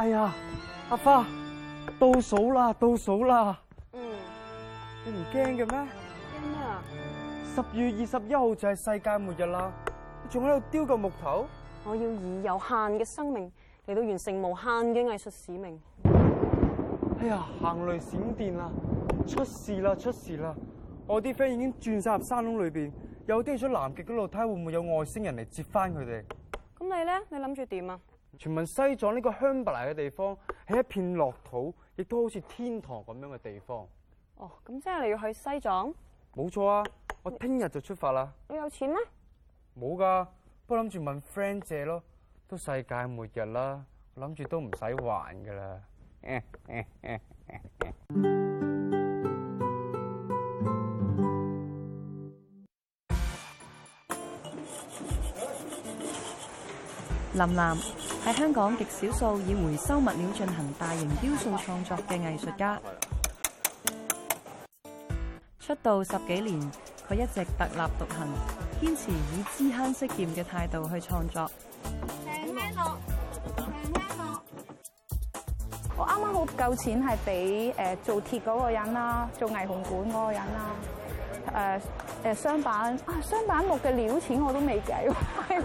哎呀，阿花，倒數啦，倒數啦！嗯，你唔驚嘅咩？驚咩啊？十月二十一號就係世界末日啦！你仲喺度雕個木頭？我要以有限嘅生命嚟到完成無限嘅藝術使命。哎呀，行雷閃電啦，出事啦，出事啦！我啲 friend 已經轉晒入山窿裏邊，有啲去咗南極嗰度，睇吓會唔會有外星人嚟接翻佢哋？咁你咧，你諗住點啊？傳聞西藏呢個香巴拉嘅地方係一片樂土，亦都好似天堂咁樣嘅地方。哦，咁即係你要去西藏？冇錯啊！我聽日就出發啦。你有錢咩？冇㗎，不過諗住問 friend 借咯。都世界末日啦，我諗住都唔使還㗎啦。 林嵐，係香港極少數以回收物料進行大型雕塑創作嘅藝術家。出道十幾年，佢一直特立獨行，堅持以知慳識儉嘅態度去創作。聽聽我啱啱好夠錢係俾，誒做鐵嗰個人啦，做霓虹管嗰個人啦。誒、呃，誒、呃，雙板啊，雙板木嘅料錢我都未計。係。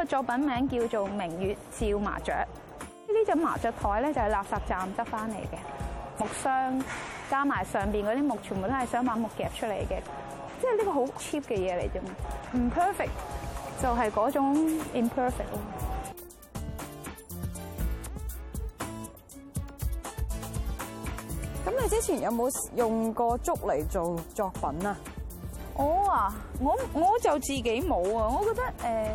個作品名叫做《明月照麻雀》。呢隻麻雀台咧就係垃圾站執翻嚟嘅木箱，加埋上邊嗰啲木，全部都係想把木夾出嚟嘅，即係呢個好 cheap 嘅嘢嚟啫嘛，唔 perfect 就係、是、嗰種 imperfect 咯。咁你之前有冇用過竹嚟做作品啊？我啊，我我就自己冇啊。我覺得誒。呃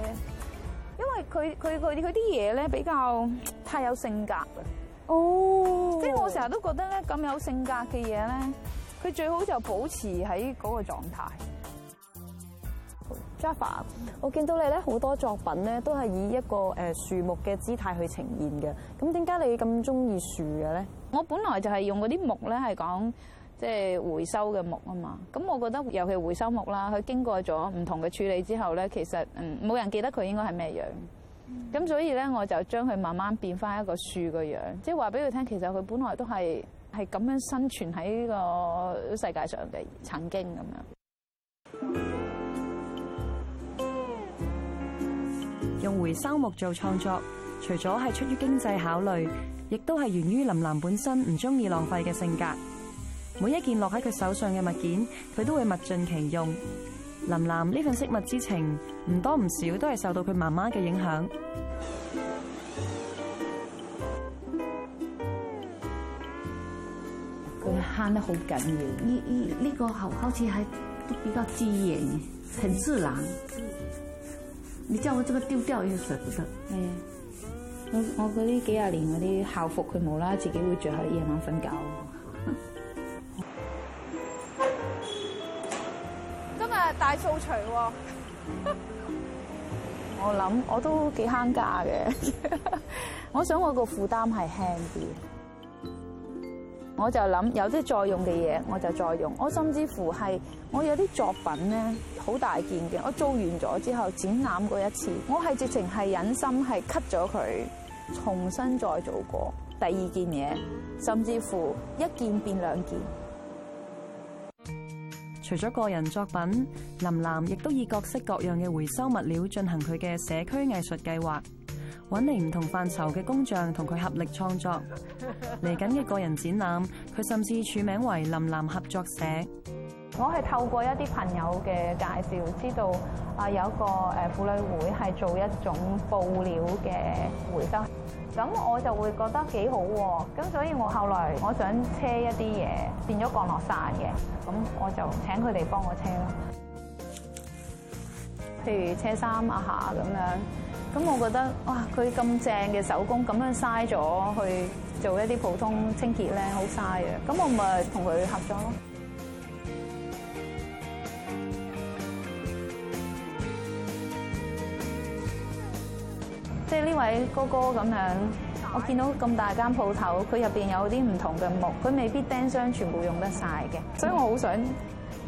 因為佢佢佢佢啲嘢咧比較太有性格，哦，即係我成日都覺得咧咁有性格嘅嘢咧，佢最好就保持喺嗰個狀態。Jaffa，我見到你咧好多作品咧都係以一個誒樹木嘅姿態去呈現嘅，咁點解你咁鍾意樹嘅咧？我本來就係用嗰啲木咧係講。即係回收嘅木啊嘛，咁我覺得尤其回收木啦，佢經過咗唔同嘅處理之後咧，其實嗯冇人記得佢應該係咩樣。咁所以咧，我就將佢慢慢變返一個樹個樣，即係話俾佢聽，其實佢本來都係係咁樣生存喺呢個世界上嘅曾經咁樣。用回收木做創作，除咗係出於經濟考慮，亦都係源於林嵐本身唔鍾意浪費嘅性格。每一件落喺佢手上嘅物件，佢都會物盡其用。林嵐呢份惜物之情，唔多唔少都係受到佢媽媽嘅影響。佢慳得好緊要，呢、呢、呢個好好似係比較自然，很自然。你叫我這個丟掉又捨不得，誒，我我嗰啲幾廿年嗰啲校服，佢冇啦，自己會着喺夜晚瞓覺。大掃除，我諗我都幾慳家嘅，我想我個 負擔係輕啲。我就諗有啲再用嘅嘢，我就再用。我甚至乎係我有啲作品咧，好大件嘅，我做完咗之後展覽過一次，我係直情係忍心係 cut 咗佢，重新再做過第二件嘢，甚至乎一件變兩件。除咗個人作品，林嵐亦都以各式各樣嘅回收物料進行佢嘅社區藝術計劃，搵嚟唔同範疇嘅工匠同佢合力創作。嚟緊嘅個人展覽，佢甚至署名為林嵐合作社。我係透過一啲朋友嘅介紹，知道啊有一個誒婦女會係做一種布料嘅回收。咁我就會覺得幾好喎啊，咁所以我後來我想車一啲嘢，變咗降落傘嘅，咁我就請佢哋幫我車咯，譬如車衫啊下咁樣，咁我覺得哇佢咁正嘅手工咁樣嘥咗去做一啲普通清潔咧，好嘥嘅，咁我咪同佢合作咯。呢位哥哥咁樣，我見到咁大間鋪頭，佢入邊有啲唔同嘅木，佢未必釘箱全部用得晒嘅，所以我好想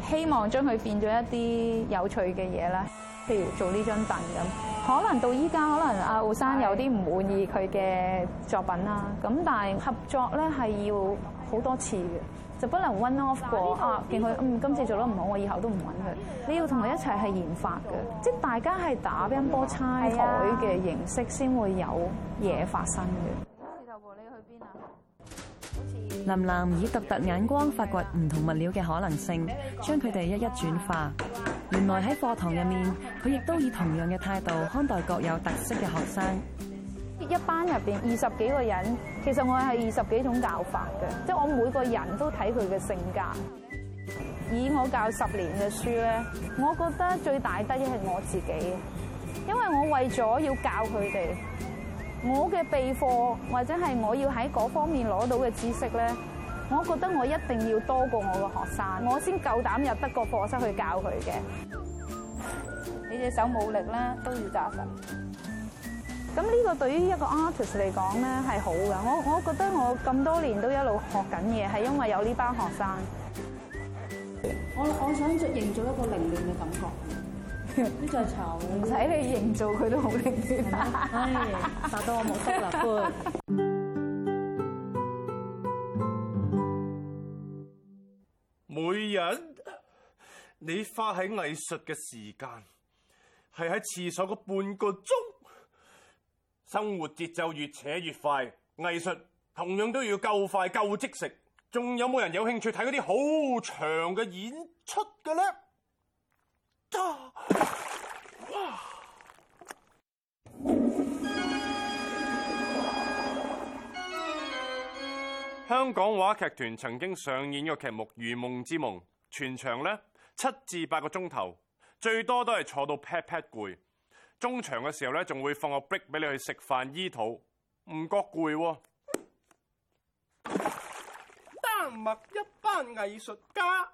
希望將佢變咗一啲有趣嘅嘢啦，譬如做呢張凳咁。可能到依家可能阿胡生有啲唔滿意佢嘅作品啦，咁但係合作咧係要好多次嘅。就不能 one off 過啊，見佢，嗯，今次做得唔好，我以後都唔揾佢。你要同佢一齊去研發嘅，即大家係打乒乓波猜台嘅形式，先會有嘢發生嘅。時頭你去邊啊？林嵐以獨特眼光發掘唔同物料嘅可能性，將佢哋一一轉化。原來喺課堂入面，佢亦都以同樣嘅態度看待各有特色嘅學生。一班入面二十幾個人，其實我係二十幾種教法嘅，即係我每個人都睇佢嘅性格。以我教十年嘅書咧，我覺得最大得益係我自己，因為我為咗要教佢哋，我嘅備課或者係我要喺嗰方面攞到嘅知識咧，我覺得我一定要多過我嘅學生，我先夠膽入得個課室去教佢嘅。你隻手冇力啦，都要教實。咁呢個對於一個 artist 嚟講咧係好㗎。我我覺得我咁多年都一路學緊嘢，係因為有呢班學生。我我想再營造一個凌亂嘅感覺。呢隻床，唔使你營造佢都好凌亂。唉，達到我目的啦！每日你花喺藝術嘅時間，係喺廁所個半個鐘。生活節奏越扯越快，藝術同樣都要夠快夠即食。仲有冇人有興趣睇嗰啲好長嘅演出嘅咧、啊？香港話劇團曾經上演嘅劇目《如夢之夢》，全場呢七至八個鐘頭，最多都係坐到 pat pat 攰。中場嘅時候咧，仲會放個 break 俾你去食飯、醫肚，唔覺攰啊。丹麥一班藝術家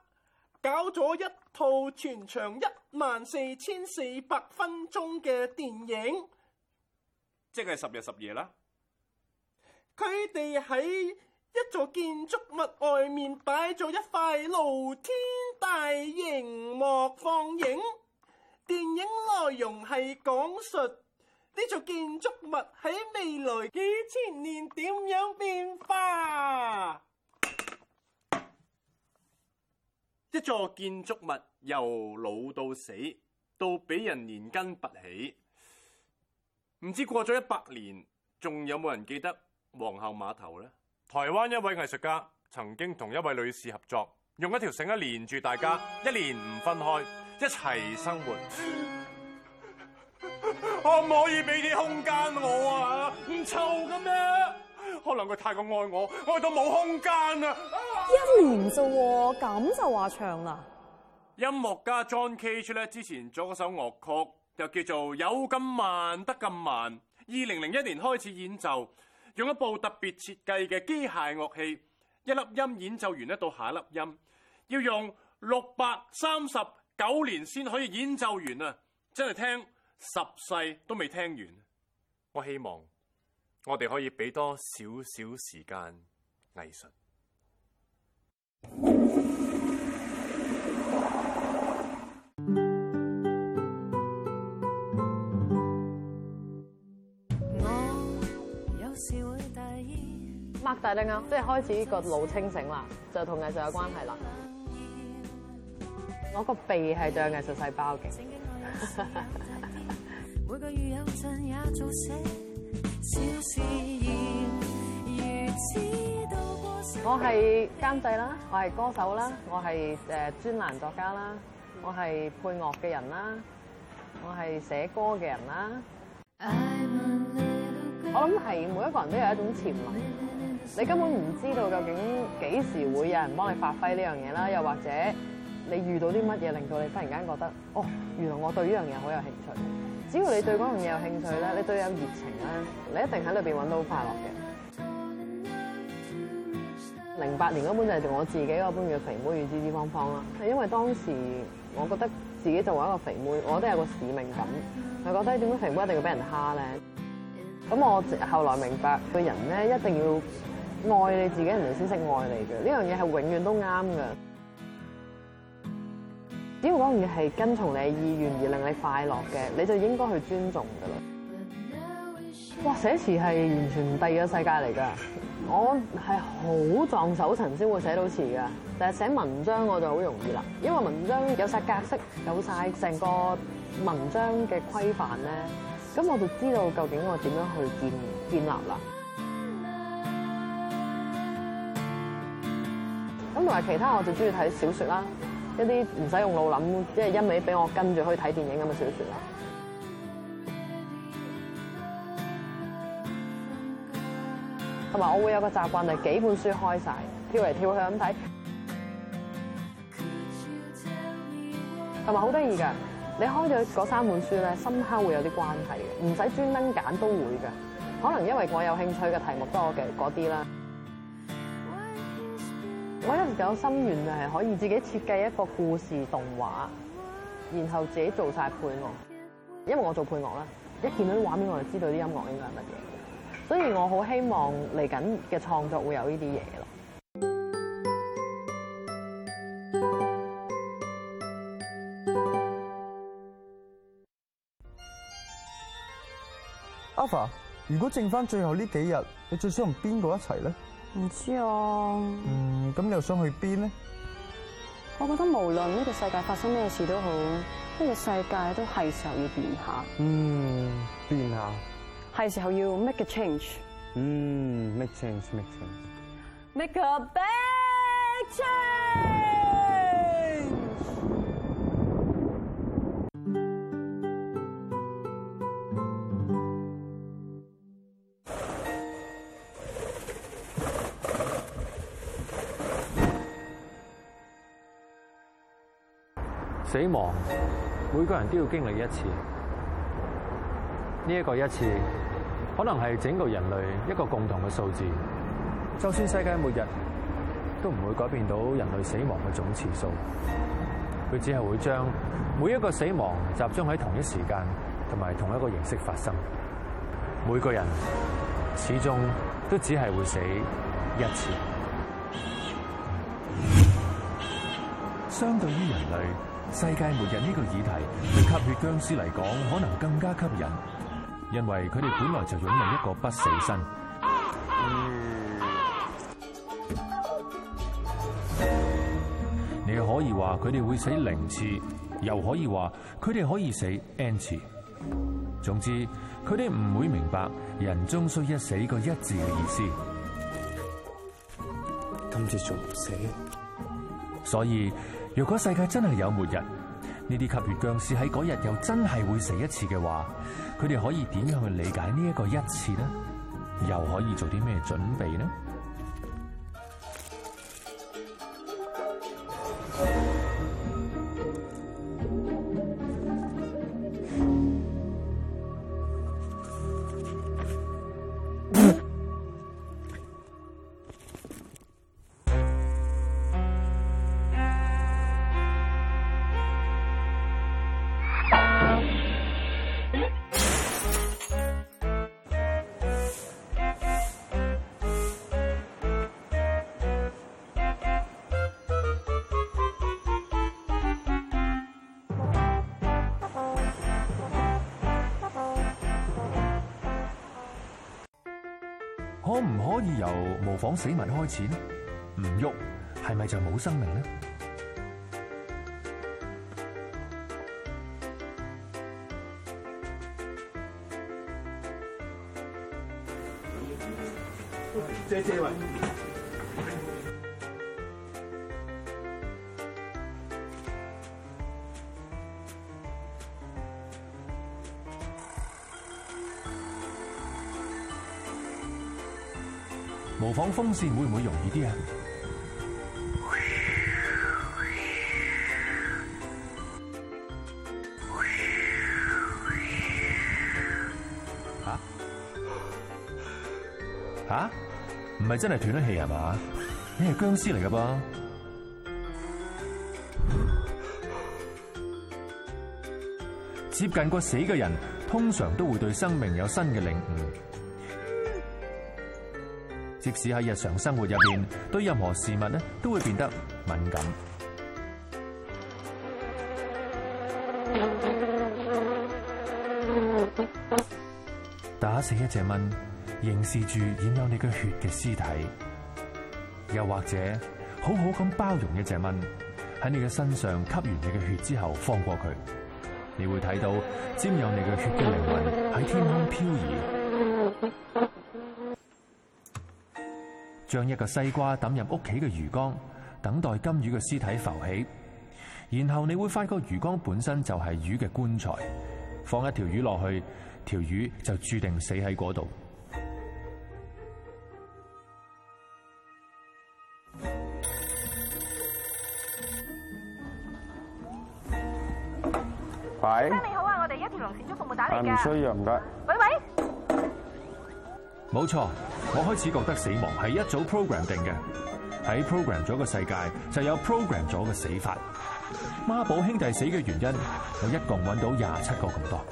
搞咗一套全長一萬四千四百分鐘嘅電影，即係十日十夜啦。佢哋喺一座建築物外面擺咗一塊露天大螢幕放映。電影內容係講述呢座建築物喺未來幾千年點樣變化。一座建築物由老到死，到俾人連根拔起，唔知過咗一百年仲有冇人記得皇后碼頭呢？台灣一位藝術家曾經同一位女士合作，用一條繩一連住大家，一年唔分開。一齊生活，可唔可以俾啲空間我啊？唔臭嘅咩？可能佢太過愛我，愛到冇空間啊，啊。一年啫，咁就話唱啦。音樂家 John Cage 咧，之前做嗰首樂曲，就叫做有咁慢，得咁慢。二零零一年開始演奏，用一部特別設計嘅機械樂器，一粒音演奏完咧，到下一粒音要用六百三十。九年先可以演奏完啊！真係聽十世都未聽完。我希望我哋可以俾多少少時間藝術。我、嗯、有時會大意。擘大丁啊，即係開始呢個腦清醒啦，就同藝術有關係啦。我個鼻係最有藝術細胞嘅。我係監製啦，我係歌手啦，我係誒專欄作家啦，我係配樂嘅人啦，我係寫歌嘅人啦。我諗係每一個人都有一種潛能，你根本唔知道究竟幾時會有人幫你發揮呢樣嘢啦，又或者。你遇到啲乜嘢令到你忽然間覺得哦，原來我對呢樣嘢好有興趣。只要你對嗰樣嘢有興趣咧，你對有熱情咧，你一定喺裏面搵到快樂嘅。零八 年嗰本就係我自己嗰本嘅叫《肥妹與芝芝方方》啦，係因為當時我覺得自己作為一個肥妹，我都有個使命感，係覺得點解肥妹一定要俾人蝦咧？咁我後來明白，個人咧一定要愛你自己，人哋先識愛你嘅，呢樣嘢係永遠都啱嘅。只要嗰樣嘢係跟從你嘅意願而令你快樂嘅，你就應該去尊重噶啦。哇！寫詞係完全唔第二個世界嚟噶，我係好撞手神先會寫到詞噶，但係寫文章我就好容易啦，因為文章有晒格式，有晒成個文章嘅規範咧，咁我就知道究竟我點樣去建建立啦。咁同埋其他我就中意睇小說啦。一啲唔使用腦諗，即係一味俾我跟住去睇電影咁嘅小說啦。同埋我會有個習慣，就係幾本書開晒，跳嚟跳去咁睇。同埋好得意噶，你開咗嗰三本書咧，深刻會有啲關係嘅，唔使專登揀都會嘅。可能因為我有興趣嘅題目多嘅嗰啲啦。我有時有心願，就係可以自己設計一個故事動畫，然後自己做晒配樂。因為我做配樂啦，一見到啲畫面我就知道啲音樂應該係乜嘢，所以我好希望嚟緊嘅創作會有呢啲嘢咯。a a 如果剩翻最後呢幾日，你最想同邊個一齊咧？唔知啊，嗯，咁你又想去邊咧？我覺得無論呢個世界發生咩事都好，呢個世界都係時候要變下。嗯，變下，係時候要 make a change 嗯。嗯，make change，make change，make a big change。死亡，每個人都要經歷一次。呢一個一次，可能係整個人類一個共同嘅數字。就算世界末日，都唔會改變到人類死亡嘅總次數。佢只係會將每一個死亡集中喺同一時間，同埋同一個形式發生。每個人始終都只係會死一次。 相對於人類。世界末日呢個議題，對吸血僵屍嚟講可能更加吸引，因為佢哋本來就擁有一個不死身。你可以話佢哋會死零次，又可以話佢哋可以死 n 次。總之，佢哋唔會明白人終須一死個一字嘅意思。今次仲唔死，所以。如果世界真係有末日，呢啲吸血僵屍喺嗰日又真係會死一次嘅話，佢哋可以點樣去理解呢一個一次咧？又可以做啲咩準備咧？可唔可以由模仿死物開始呢？唔喐，係咪就冇生命呢？多、嗯、謝，各、嗯、位。嗯嗯風扇會唔會容易啲啊？吓、啊、吓，唔係真係斷咗氣啊嘛？你係僵屍嚟噶噃？接近過死嘅人，通常都會對生命有新嘅領悟。即使喺日常生活入面，對任何事物呢都會變得敏感。打死一隻蚊，凝視住染有你嘅血嘅屍體；又或者好好咁包容一隻蚊喺你嘅身上吸完你嘅血之後放過佢，你會睇到沾有你嘅血嘅靈魂喺天空飄移。將一個西瓜抌入屋企嘅魚缸，等待金魚嘅屍體浮起，然後你會發覺魚缸本身就係魚嘅棺材，放一條魚落去，條魚就注定死喺嗰度。喂，你好啊，我哋一條龍殯葬服務打嚟㗎。唔需要，唔該。冇錯，我開始覺得死亡係一早 program 定嘅。喺 program 咗個世界，就有 program 咗個死法。孖寶兄弟死嘅原因，我一共搵到廿七個咁多。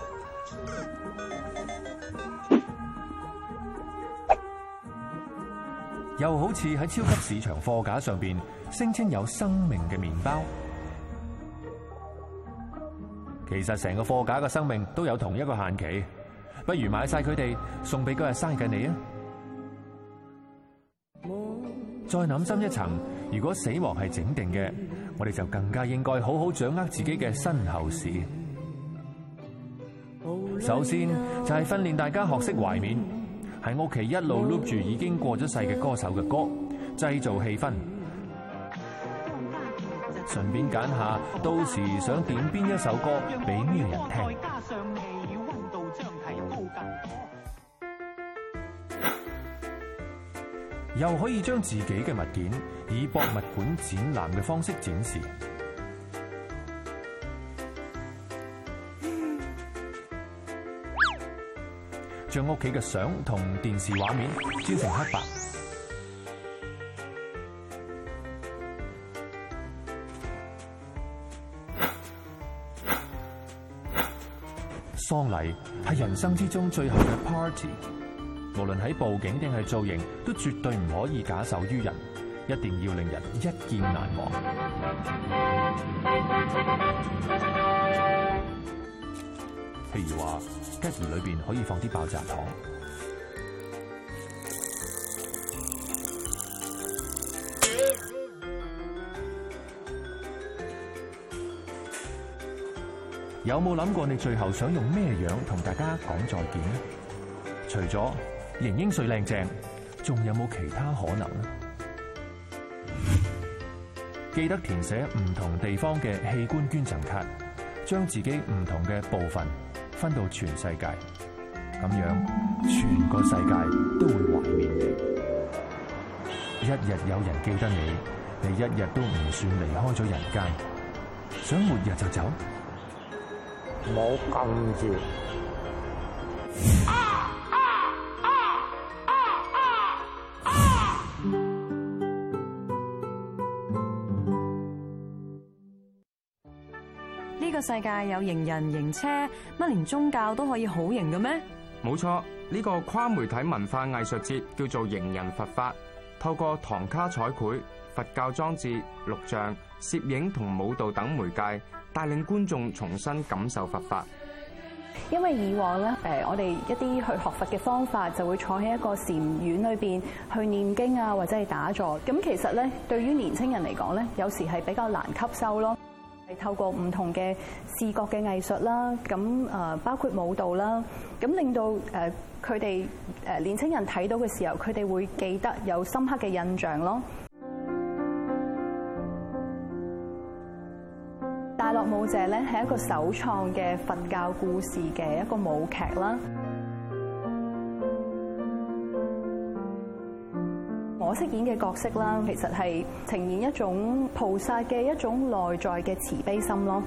又好似喺超級市場貨架上邊，聲稱有生命嘅麵包，其實成個貨架嘅生命都有同一個限期。不如買晒佢哋送俾嗰日生日嘅你啊！再諗深一層，如果死亡係整定嘅，我哋就更加應該好好掌握自己嘅身後事。首先就係訓練大家學識懷緬，喺屋企一路 loop 住已經過咗世嘅歌手嘅歌，製造氣氛，順便揀下到時想點邊一首歌俾咩人聽。又可以將自己嘅物件以博物館展覽嘅方式展示，將屋企嘅相同電視畫面轉成黑白。喪禮係人生之中最後嘅 party。無論喺布景定係造型，都絕對唔可以假手於人，一定要令人一見難忘。譬如話，吉儀裏邊可以放啲爆炸糖。有冇諗過你最後想用咩樣同大家講再見呢？除咗仍英最靚正，仲有冇其他可能呢？記得填寫唔同地方嘅器官捐贈卡，將自己唔同嘅部分分到全世界，咁樣全個世界都會懷念你。一日有人記得你，你一日都唔算離開咗人間。想末日就走，冇咁住。世界有型人型車，乜連宗教都可以好型嘅咩？冇錯，呢個跨媒體文化藝術節叫做型人佛法，透過唐卡彩繪、佛教裝置、錄像、攝影同舞蹈等媒介，帶領觀眾重新感受佛法。因為以往咧，誒，我哋一啲去學佛嘅方法，就會坐喺一個禪院裏邊去念經啊，或者係打坐。咁其實咧，對於年輕人嚟講咧，有時係比較難吸收咯。透過唔同嘅視覺嘅藝術啦，咁啊包括舞蹈啦，咁令到誒佢哋誒年輕人睇到嘅時候，佢哋會記得有深刻嘅印象咯。大樂舞者咧係一個首創嘅佛教故事嘅一個舞劇啦。我飾演嘅角色啦，其實係呈現一種菩薩嘅一種內在嘅慈悲心咯。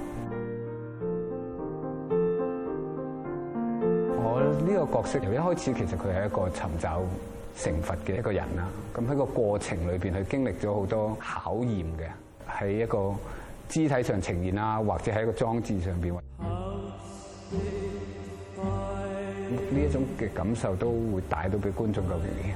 我呢個角色由一開始其實佢係一個尋找成佛嘅一個人啦，咁喺個過程裏邊佢經歷咗好多考驗嘅，喺一個肢體上呈現啊，或者喺一個裝置上邊，呢、嗯、一種嘅感受都會帶到俾觀眾嘅面。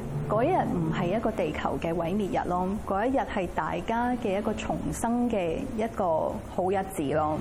嗰一日唔係一個地球嘅毀滅日咯，嗰一日係大家嘅一個重生嘅一個好日子咯。